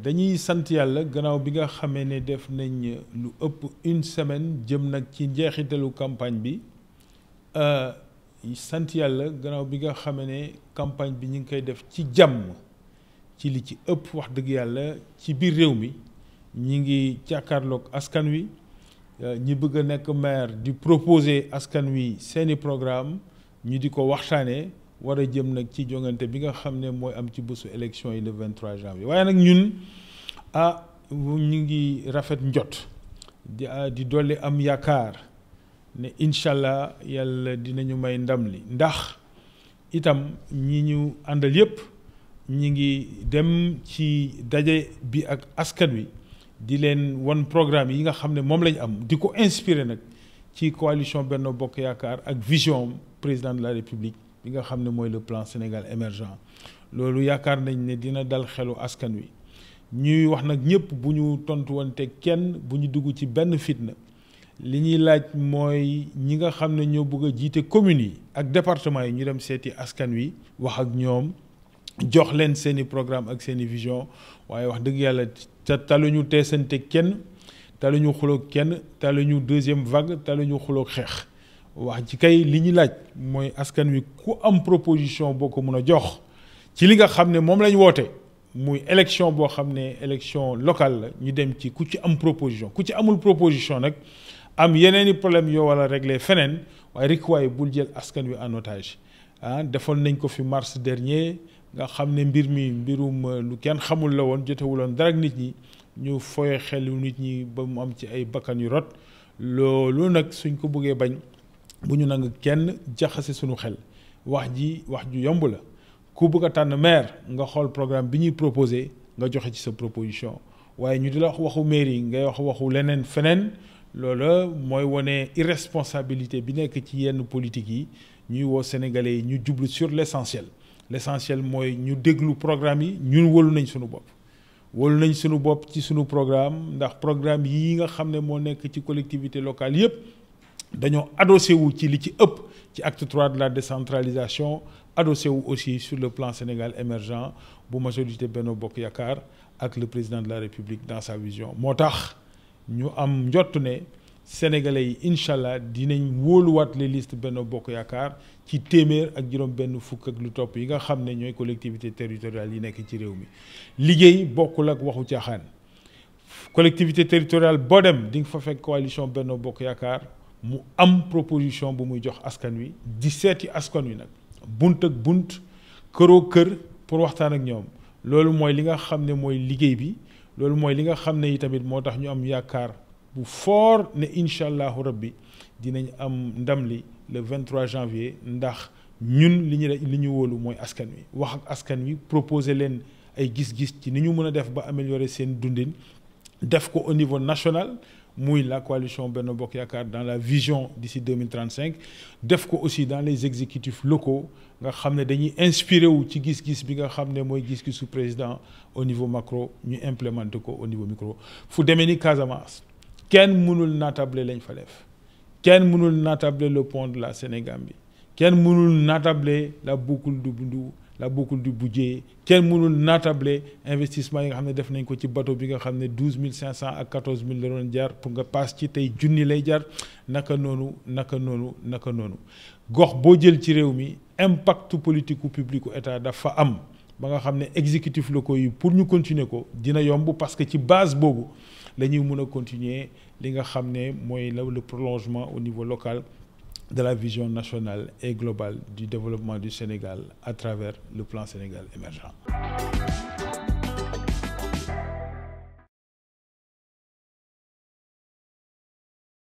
dañuy sant yàlla gannaaw bi nga xamee ne def nañ lu ëpp une semaine jëm nag ci njeexitalu campagne bi euh, sant yàlla gannaaw bi nga xamee ne campagne bi ñu ngi koy def ci jàmm ci li ci ëpp wax dëgg yàlla ci biir réew mi ñu ngi jàkkaarloog askan wi euh, ñi bëgg a nekk maire di proposer askan wi seeni programme ñu di ko waxtaanee war a jëm nag ci jongante bi nga xam ne mooy am ci bésu élection yi le 23 janvier waaye nag ñun ah ñu ngi rafet njot di dolli am yaakaar ne incha allah yàlla dinañu may ndam li ndax itam ñi ñu àndal yépp ñi ngi dem ci daje bi ak askan wi di leen wan programme yi nga xam ne moom lañ am di ko inspiré nag ci coalition benn Bokk Yaakaar ak vision président de la République bi nga xam ne mooy le plan Sénégal émergent loolu yaakaar nañ ne dina dal xelu askan wi ñuy wax nag ñëpp bu ñu tontuwante kenn bu ñu dugg ci benn fitna li ñuy laaj mooy ñi nga xam ne ñoo bëgg a jiite communes yi ak département yi ñu dem seeti askan wi wax ak ñoom jox leen seen i programme ak seen i vision waaye wax dëgg yàlla te ca taluñu teesante kenn taluñu xuloog kenn ñu deuxième vague taluñu xuloog xeex wax ci kay li ñu laaj mooy askan wi ku am proposition boo ko mun a jox ci li nga xam ne moom lañ woote muy élection boo xam ne élection locale la ñu dem ci ku ci am proposition ku ci amul proposition nag am yeneen i problème yoo war a feneen waaye rek waaye bul jël askan wi en otage ah defoon nañ ko fi mars dernier nga xam ne mbir mi mbirum euh, lu kenn xamul la woon jotewuloon dara ak nit ñi ñu foye xelu nit ñi ba mu am ci ay bakkan yu rot loolu nag suñ ko bëggee bañ bu ñu nang kenn jaxase suñu xel wax ji wax ju yomb la ku bëgg a tànn maire nga xool programme bi ñuy proposé nga joxe ci sa proposition waaye ñu di la wax waxu mairie ngay wax waxu leneen feneen loola mooy wane irresponsabilité bi nekk ci yenn politique yi ñuy woo sénégalais yi ñu jublu sur l' essentiel l' essentiel mooy ñu déglu programme yi ñun wóolu nañ sunu bopp wóolu nañ suñu bopp ci suñu programme ndax programme yii nga xam ne moo nekk ci collectivité locale yëpp dañoo adossé wu ci li ci ëpp ci acte trois de la décentralisation adossé wu aussi sur le plan Sénégal émergent bu majorité Benno Bokk Yaakaar ak le président de la République dans sa vision moo tax ñu am njott ne sénégalais yi incha allah dinañ wóoluwaat les listes Benno Bokk Yaakaar ci téeméer ak juróom benn fukk ak lu topp yi nga xam ne ñooy collectivité territoriale yi nekk ci réew mi liggéey bokkul ak waxu caaxaan collectivité territoriale boo dem di nga fa fekk coalition Benno Bokk Yaakaar mu am proposition bu muy jox askan wi di seeti askan wi nag bunt ak bunt këroo kër pour waxtaan ak ñoom loolu mooy li nga xam ne mooy liggéey bi loolu mooy li nga xam ne tamit moo tax ñu am yaakaar bu fort ne incha allahu rabbi dinañ am ndam li le 23 janvier ndax ñun li ñu li ñu wóolu mooy askan wi wax ak askan wi proposer leen ay gis-gis ci ni ñu mën a def ba améliorer seen dundin def ko au niveau national muy la coalition benn Bokk Yaakaar dans la vision d'ici 2035 def ko aussi dans les exécutifs locaux nga xam ne dañuy inspiré wu ci gis-gis bi nga xam ne mooy gis su président au niveau macro ñu implémenté ko au niveau micro fu demee ni Casamance kenn mënul naatable lañ fa def kenn mënul naatable le pont de la Sénégambie kenn mënul naatable la boucle du Boundou la boucle du budget kenn mënul naatable investissement yi nga xam ne def nañ ko ci bateau bi nga xam ne douze mille cinq cent ak quatorze mille la doon jaar pour nga paas ci tey junni lay jaar naka noonu naka noonu naka noonu gox boo jël ci réew mi impact politique u public u état dafa am ba nga xam ne exécutif ko yi pour ñu continuer ko dina yomb parce que ci base boobu la ñuy mën a continuer li nga xam ne mooy la le prolongement au niveau local de la vision nationale et globale du développement du Sénégal à travers le plan Sénégal émergent.